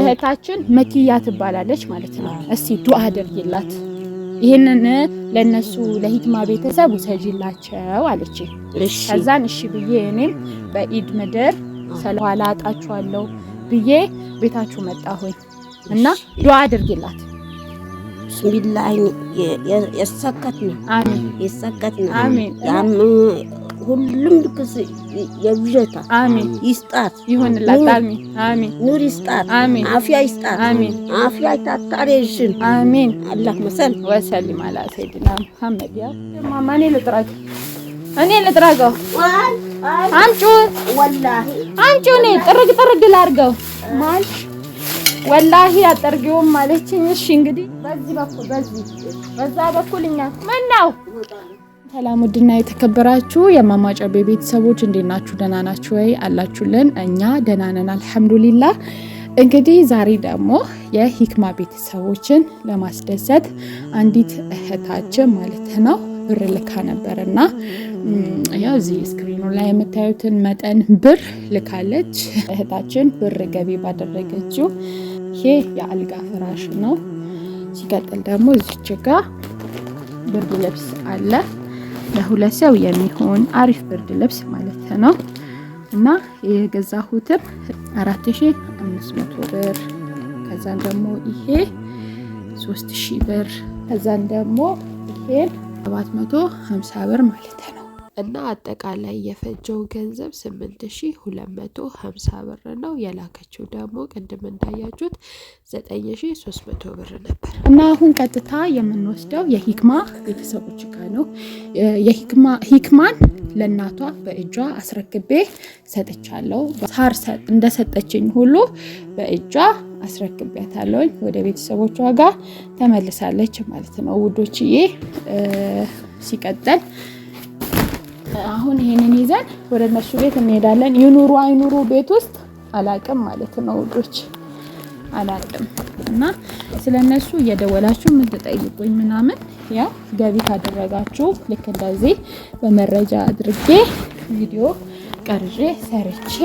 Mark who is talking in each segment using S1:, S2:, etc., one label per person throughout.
S1: እህታችን መኪያ ትባላለች ማለት ነው። እስቲ ዱአ አድርጊላት ይህንን ለነሱ ለሂክማ ቤተሰብ ውሰጂላቸው አለች። ከዛን እሺ ብዬ እኔም በኢድ ምድር ሰለኋላ አጣችኋለሁ ብዬ ቤታችሁ መጣሁኝ እና ዱአ አድርጊላት
S2: ብስሚላህ የሰከት ነው። የሰከት ነው። አሜን ሁሉም ድግስ የብዥታ አሜን ይስጣት
S1: ይሁንላት። አሜን አሜን
S2: ኑር ይስጣት። አሜን አፍያ ይስጣት። አሜን አፍያ ይታታሬሽን አሜን አላህ መሰል
S1: ወሰሊም አላ ሰይድና መሐመድ ያ ማማ እኔ ልጥራግ እኔ ልጥራገው አምጩ ወላሂ አምጩ እኔ ጥርግ ጥርግ ላርገው ማን ወላሂ አጠርጊውም ማለችኝ። እሺ እንግዲህ በዚህ በኩል በዚህ በዛ በኩል እኛ ምን ነው ሰላም ውድና የተከበራችሁ የማማጨቤ ቤተሰቦች እንዴት ናችሁ? ደህና ናችሁ ወይ? አላችሁልን? እኛ ደህና ነን እንግዲህ ዛሬ ደግሞ የሂክማ ቤተሰቦችን ለማስደሰት አንዲት እህታችን ማለት ነው ብር ልካ ነበር እና ያው እዚህ ስክሪኑ ላይ የምታዩትን መጠን ብር ልካለች። እህታችን ብር ገቢ ባደረገችው ይሄ የአልጋ ፍራሽ ነው። ሲቀጥል ደግሞ እዚች ጋ ብርድ ልብስ አለ። ለሁለት ሰው የሚሆን አሪፍ ብርድ ልብስ ማለት ነው እና የገዛሁትም 4500 ብር ከዛን ደግሞ ይሄ 3000 ብር ከዛን ደግሞ ይሄን 750 ብር ማለት ነው። እና አጠቃላይ የፈጀው ገንዘብ ስምንት ሺ ሁለት መቶ ሀምሳ ብር ነው። የላከችው ደግሞ ቅድም እንዳያችሁት ዘጠኝ ሺህ ሶስት መቶ ብር ነበር እና አሁን ቀጥታ የምንወስደው የሂክማ ቤተሰቦች ጋር ነው። ሂክማን ለእናቷ በእጇ አስረክቤ ሰጥቻለሁ። ሳር እንደሰጠችኝ ሁሉ በእጇ አስረክቤያታለሁኝ። ወደ ቤተሰቦቿ ጋር ተመልሳለች ማለት ነው ውዶችዬ። ሲቀጠል አሁን ይሄንን ይዘን ወደ እነሱ ቤት እንሄዳለን። ይኑሩ አይኑሩ ቤት ውስጥ አላቅም ማለት ነው ውዶች አላቅም እና ስለ እነሱ እየደወላችሁ የምትጠይቁኝ ምናምን ያ ገቢ ካደረጋችሁ ልክ እንደዚህ በመረጃ አድርጌ ቪዲዮ ቀርጬ ሰርቼ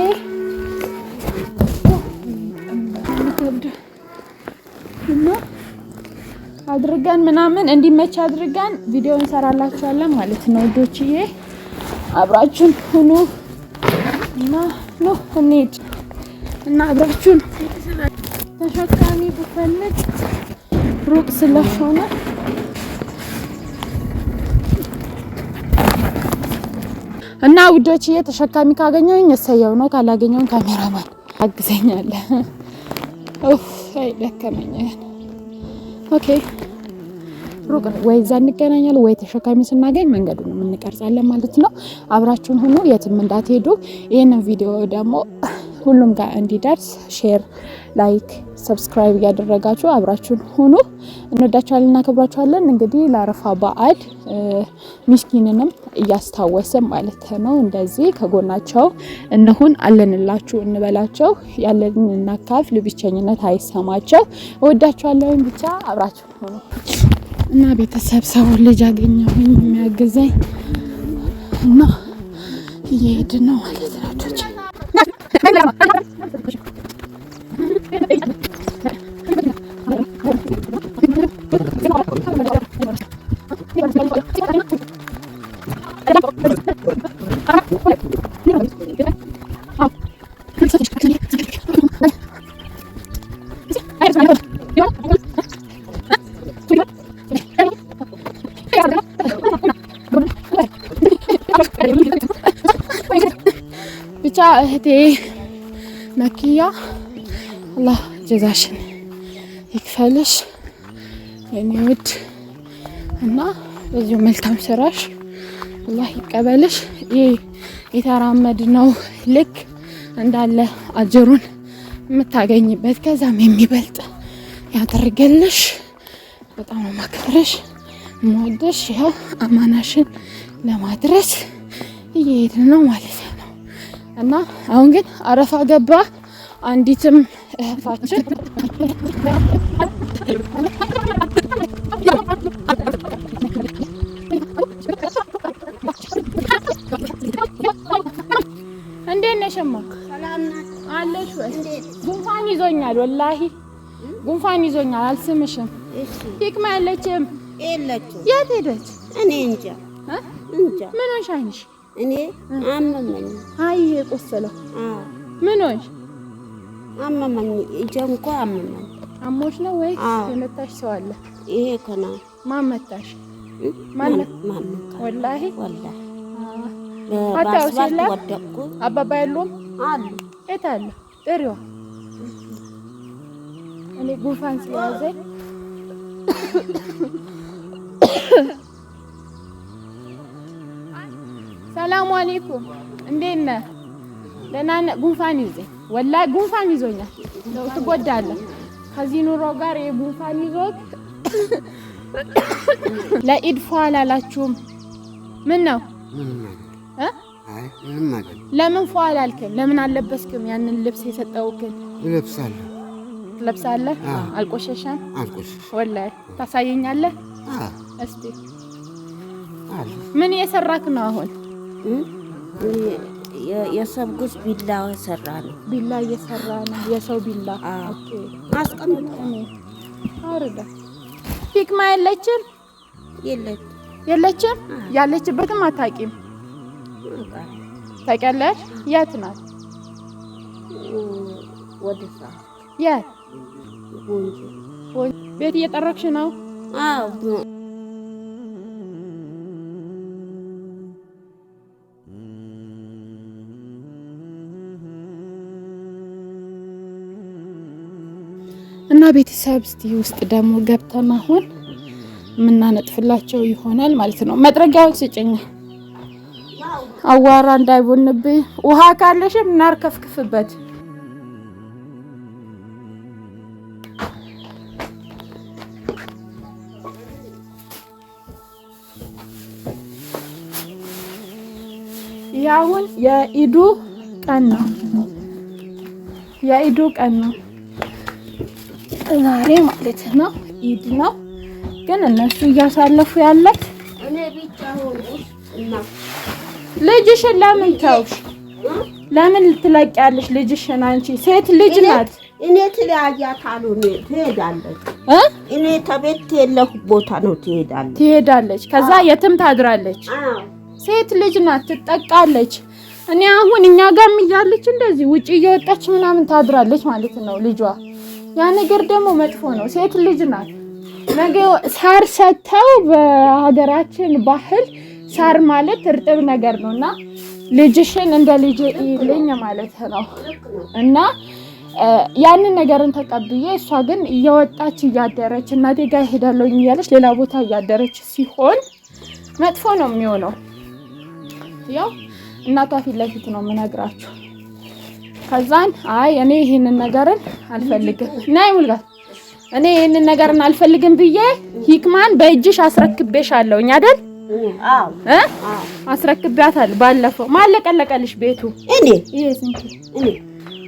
S1: እና አድርገን ምናምን እንዲመች አድርገን ቪዲዮ እንሰራላችኋለን ማለት ነው ውዶችዬ። አብራችሁን ሁኑ እና ነው እንሂድ እና አብራችሁን ተሸካሚ ብፈልግ ሩቅ ስለሆነ እና ውዶች ውዶችዬ ተሸካሚ ካገኘሁኝ እሰየው ነው። ካላገኘሁኝ ካሜራማን አግዘኛለህ። ኦፍ አይ ደከመኝ። ኦኬ ሩቅ ወይ እዛ እንገናኛለን ወይ ተሸካሚ ስናገኝ መንገዱን እንቀርጻለን ማለት ነው። አብራችሁን ሁኑ፣ የትም እንዳትሄዱ። ይህንን ቪዲዮ ደግሞ ሁሉም ጋር እንዲደርስ ሼር፣ ላይክ፣ ሰብስክራይብ እያደረጋችሁ አብራችሁን ሁኑ። እንወዳችኋለን፣ እናከብራችኋለን። እንግዲህ ለአረፋ በዓል ሚስኪንንም እያስታወስን ማለት ነው እንደዚህ ከጎናቸው እንሁን፣ አለንላችሁ፣ እንበላቸው፣ ያለንን እናካፍል፣ ብቸኝነት አይሰማቸው። እወዳችኋለን። ብቻ አብራችሁን ሁኑ። እና ቤተሰብ ሰው ልጅ አገኘሁኝ የሚያግዘኝ እና እየሄድ ነው ማለት ነው። እህቴ መኪያ አላህ ጀዛሽን ይክፈልሽ የኔ ውድ እና በዚሁ መልካም ስራሽ አላህ ይቀበልሽ። ይህ የተራመድ ነው ልክ እንዳለ አጀሩን የምታገኝበት ከዛም የሚበልጥ ያደርገልሽ። በጣም ማክብርሽ መወደሽ። ያው አማናሽን ለማድረስ እየሄድን ነው ማለት ነው። እና አሁን ግን አረፋ ገባ። አንዲትም እህፋችን እንዴት ነሽ እማ? አለሽ ወይ? ጉንፋን ይዞኛል፣ ወላሂ ጉንፋን ይዞኛል። አልስምሽም። ሂክማ ያለችም የት ሄደች?
S3: እኔ እንጃ እንጃ። ምን ሆንሽ አይንሽ እኔ አመመኝ።
S1: አይ የቆሰለው ምን ሆንሽ?
S3: አመመኝ። እጄም አመመኝ።
S1: አሞሽ ነው ወይ የመታሽ ሰው አለ? ይሄ ከና ማን መታሽ? ማን ወላሂ
S3: ወላሂ አታውሽላ።
S1: አባባ የለውም አሉ። የት አለ? ጥሪዋ እኔ ጉንፋን ስለያዘኝ ሰላሙ አለይኩም እንዴት ነህ? ደህና ነህ? ጉንፋን ይዘኝ ወላሂ ጉንፋን ይዞኛል። ትጎዳለህ ከዚህ ኑሮ ጋር የጉንፋን ይዞት ለኢድ ፏ አላችሁም ምን ነው ለምን ፏ አላልክም? ለምን አለበስክም? ያንን ልብስ የሰጠውክን እለብሳለሁ። ትለብሳለህ? አልቆሸሸም? ወላሂ ታሳየኛለህ እስቲ ምን እየሰራክ ነው አሁን?
S3: የሰብ ጉስ ቢላ የሰራ ነው።
S1: ቢላ እየሰራ ነው። የሰው ቢላ አስቀምጠ አርዳ ሂክማ የለችም፣ የለችም። ያለችበትም አታቂም። ታውቂያለሽ? የት ናት? ወደዛ የት ቤት እየጠረግሽ ነው? ቤተሰብ ውስጥ ደግሞ ገብተን አሁን የምናነጥፍላቸው ይሆናል ማለት ነው። መጥረጊያውን ስጭኝ፣ አዋራ እንዳይቦንብኝ። ውሃ ካለሽም ናር ከፍክፍበት። ያሁን የኢዱ ቀን ነው። የኢዱ ቀን ነው። ዛሬ ማለት ነው ኢድ ነው። ግን እነሱ እያሳለፉ ያለት ልጅሽን ለምን ተውሽ? ለምን ትለቂያለሽ? ልጅሽን አንቺ ሴት ልጅ ናት።
S3: እኔ ትለያያት አሉኝ። ትሄዳለች እ እኔ ተቤት ትሄለሁ ቦታ ነው ትሄዳለች፣
S1: ትሄዳለች። ከዛ የትም ታድራለች። ሴት ልጅ ናት፣ ትጠቃለች። እኔ አሁን እኛ ጋር እያለች እንደዚህ ውጪ እየወጣች ምናምን ታድራለች ማለት ነው ልጇ ያ ነገር ደግሞ መጥፎ ነው። ሴት ልጅ ናት። ነገ ሳር ሰጥተው በሀገራችን ባህል ሳር ማለት እርጥብ ነገር ነው እና ልጅሽን እንደ ልጅ ይልኝ ማለት ነው እና ያንን ነገርን ተቀብዬ እሷ ግን እየወጣች እያደረች እናቴ ጋር እሄዳለሁ እያለች ሌላ ቦታ እያደረች ሲሆን መጥፎ ነው የሚሆነው። ያው እናቷ ፊት ለፊት ነው የምነግራችሁ። ከዛን አይ እኔ ይህንን ነገርን አልፈልግም ናይ ሙልጋት እኔ ይህንን ነገርን አልፈልግም ብዬ ሂክማን በእጅሽ አለውኝ አይደል? አስረክቤያታለሁ። ባለፈው ማን ለቀለቀልሽ ቤቱ? እኔ ይሄ ስንት እኔ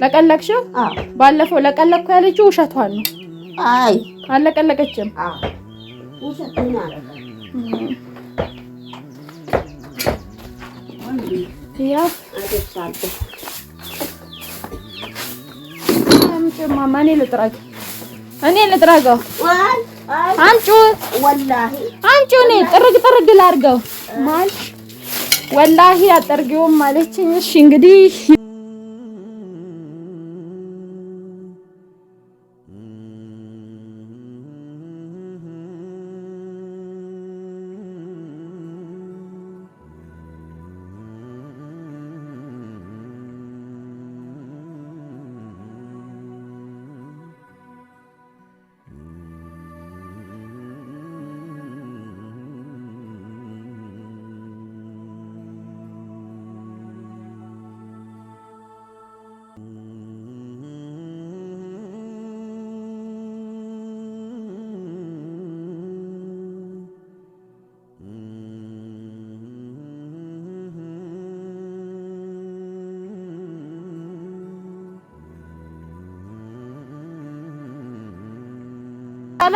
S1: ለቀለቅሽው? ባለፈው ለቀለቅኩ ያለችው ውሸቷን ነው። አይ አለቀለቀችም።
S3: አዎ
S1: እማማ እኔ ልጥረገው እኔ ልጥረገው። ወላሂ እኔ ጥርግ ጥርግ ላድርገው። ወላሂ አጠርጊውም አለችኝ። እሺ እንግዲህ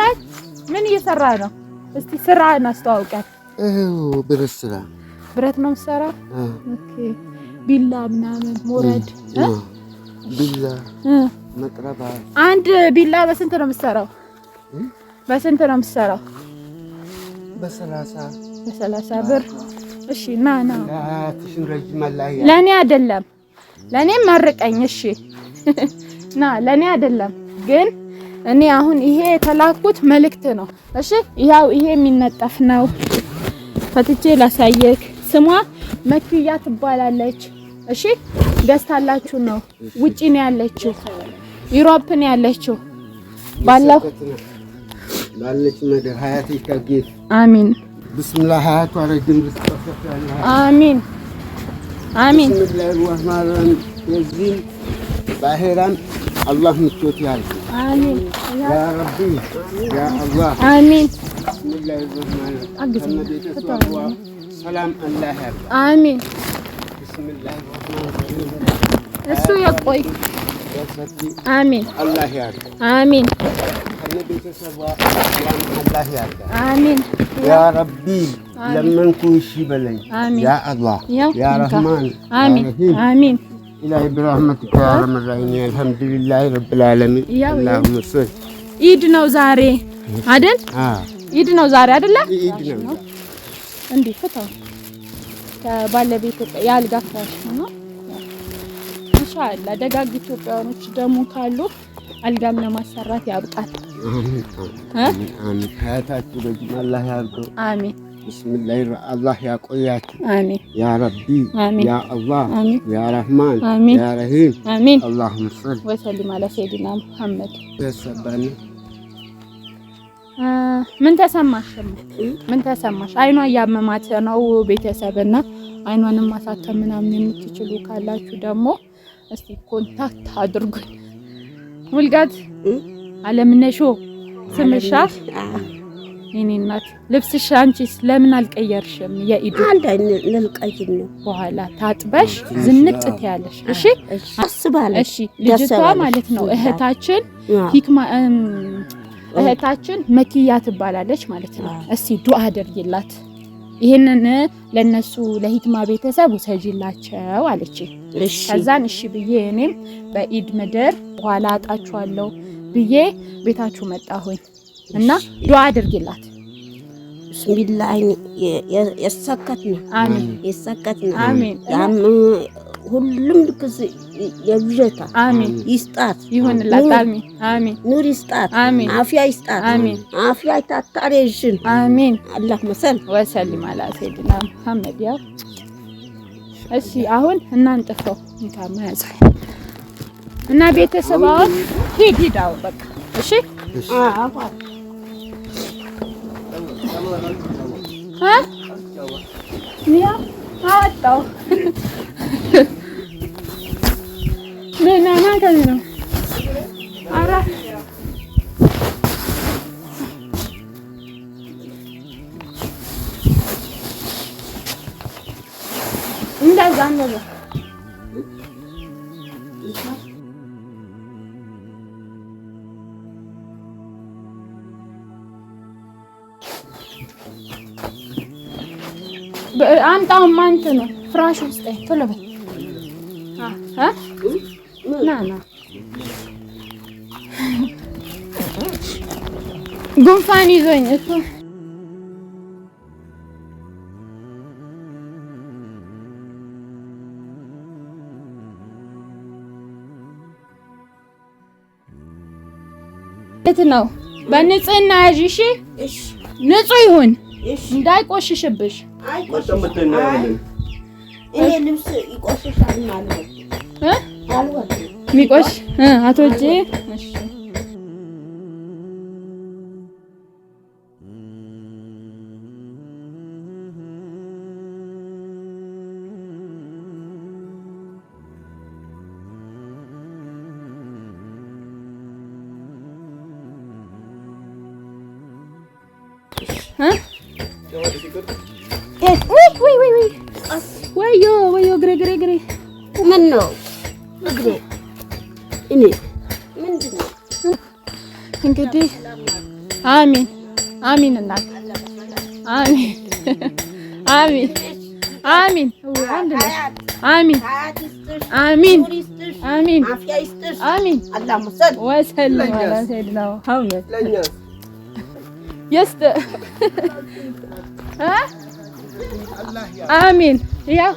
S1: ላይ ምን እየሰራ ነው? እስቲ ስራህን አስተዋውቀን። ብረት ስራ ብረት ነው የምትሰራ? ኦኬ። ቢላ ምናምን ሞረድ፣
S4: ቢላ መቅረባ።
S1: አንድ ቢላ በስንት ነው የምትሰራው? በስንት ነው የምትሰራው? በሰላሳ በሰላሳ ብር። እሺ ና ና፣ ለእኔ አይደለም ለእኔም መርቀኝ። እሺ ና፣ ለእኔ አይደለም ግን እኔ አሁን ይሄ የተላኩት መልእክት ነው። እሺ ያው ይሄ የሚነጠፍ ነው። ፈትቼ ላሳየክ። ስሟ መክያ ትባላለች። እሺ ገዝታላችሁ ነው። ውጪ ነው ያለችው፣ ዩሮፕ ነው ያለችው። ባለው
S4: ባለች መድር ሀያት ይካጌት አሚን ብስምላ ሀያቱ አረግም
S1: አሚን አሚን
S4: ብስምላህ ወህማራን የዚህም ባህራን አላህ ምቾት ያለ آمين يا ربي يا الله آمين بسم الله الرحمن الرحيم سلام الله
S1: آمين بسم الله الرحمن الرحيم እሱ ያቆይ آمين
S4: الله ያርግ
S1: አሜን ከነቤተሰቧ يا አላህ ያርግ አሜን
S4: ያ ረቢ ለመንኩ እሺ
S1: الله ያ አላህ ያ
S4: ረህማን ኢላሂ ብራህመትከ ያረመራኝ አልሐምዱሊላህ ረብል
S1: አላሁመ ሶል ኢድ ነው ዛሬ አይደል? ኢድ ነው ዛሬ አይደለ? ኢድ ነው። እንዴ ፍታው ባለቤት የአልጋ ፍራሽ ነው። ኢንሻአላህ ደጋግ ኢትዮጵያኖች ደግሞ ካሉ አልጋም ለማሰራት ያብቃል። አሜን
S4: አሜን። ሀያታችሁ ደግሞ አላህ ያርገው። አሜን ብስሚላህ አላህ ያቆያችሁ። አሚን ያ ረቢ ያ አላህ ያ ረህማን ያ ረሂም አሚን። አላሁመ ሰሊ
S1: ወሰሊም አላ ሰይድና ሙሐመድ።
S4: ተሰባኒ
S1: ምን ተሰማሽ? ምን ተሰማሽ? አይኗ እያመማት ነው ቤተሰብና አይኗንም ማሳከም ምናምን የምትችሉ ካላችሁ ደግሞ እስቲ ኮንታክት አድርጉኝ። ሙልጋት አለምነሾ ስምሻ የኔ እናት ልብስሽ አንቺስ ለምን አልቀየርሽም? የኢዱ
S3: ልልቀይር ነው።
S1: በኋላ ታጥበሽ ዝንጥ ትያለሽ። እሺ
S3: አስባለሽ። እሺ
S1: ልጅቷ ማለት ነው እህታችን ሂክማ እህታችን መኪያ ትባላለች ማለት ነው። እስቲ ዱአ አድርጊላት። ይሄንን ለነሱ ለሂክማ ቤተሰብ ውሰጂላቸው አለች። ከዛን እሺ ብዬ እኔም በኢድ ምድር በኋላ አጣችኋለሁ ብዬ ቤታችሁ መጣሁኝ። እና ዱዓ አድርጊላት።
S2: ብስሚላህ የሰከት ነው። አሜን የሰከት ነው። አሜን ሁሉም ልክስ የብጀታ አሜን ይስጣት
S1: ይሁንላት። አሜን አሜን
S2: ኑር ይስጣት። አሜን አፍያ ይስጣት። አሜን አፍያ ይታታሬሽን። አሜን አላህ መሰል
S1: ወሰሊም አላ ሰይድና መሐመድ ያ እሺ፣ አሁን እናንጥፈው እንካማ ያዛይ እና ቤተሰባውን ሂድ ሂድ አሁን በቃ እሺ አወጣው አምጣው ማንት ነው ፍራሽ ውስጥ ቶሎ በል ና ና። ጉንፋን ይዞኝ እኮ የት ነው? በንጽህና ያዥ። እሺ ንጹህ ይሁን እንዳይቆሽሽብሽ
S3: ልብስ ይቆሽሻል ማለት ነው። እኔ ምንድን ነው
S1: እንግዲህ አሚን አሚን እናት አሚን አሚን አሚን አንድ ነው። አሚን አሚን አሚን አሚን ወሰለም አላ ሰይድና ሐመድ የስተ አሚን ያው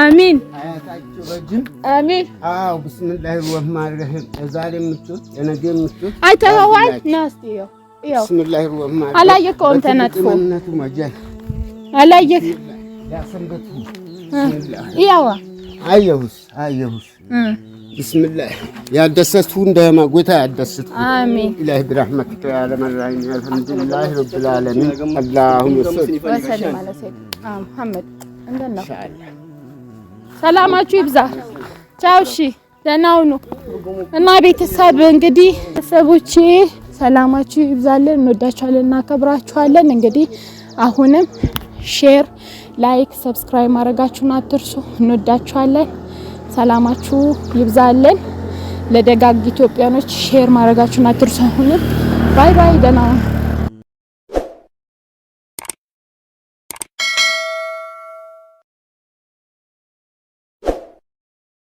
S1: አሚን አሚን።
S4: አዎ ብስሚላሂ ረህማን ብስምላ ያደሰቱ እንደ ጌታ ያደስቱ። አሜን ኢላሂ ብራህመቲከ ያ አርሐመር ረሒም ዓለሚን አላሁመ ወሰለም
S1: ዐላ ሰይድና ሙሐመድ። እንደት ነው ሰላማችሁ ይብዛ። ቻው። እሺ ደህና ሁኑ እና ቤተሰብ እንግዲህ ቤተሰቦቼ ሰላማችሁ ይብዛልን። እንወዳችኋለን፣ እናከብራችኋለን። እንግዲህ አሁንም ሼር፣ ላይክ፣ ሰብስክራይብ ማድረጋችሁን አትርሱ። እንወዳችኋለን። ሰላማችሁ ይብዛልን። ለደጋግ ኢትዮጵያኖች ሼር ማድረጋችሁን አትርሱ። ባይ ባይ። ደህና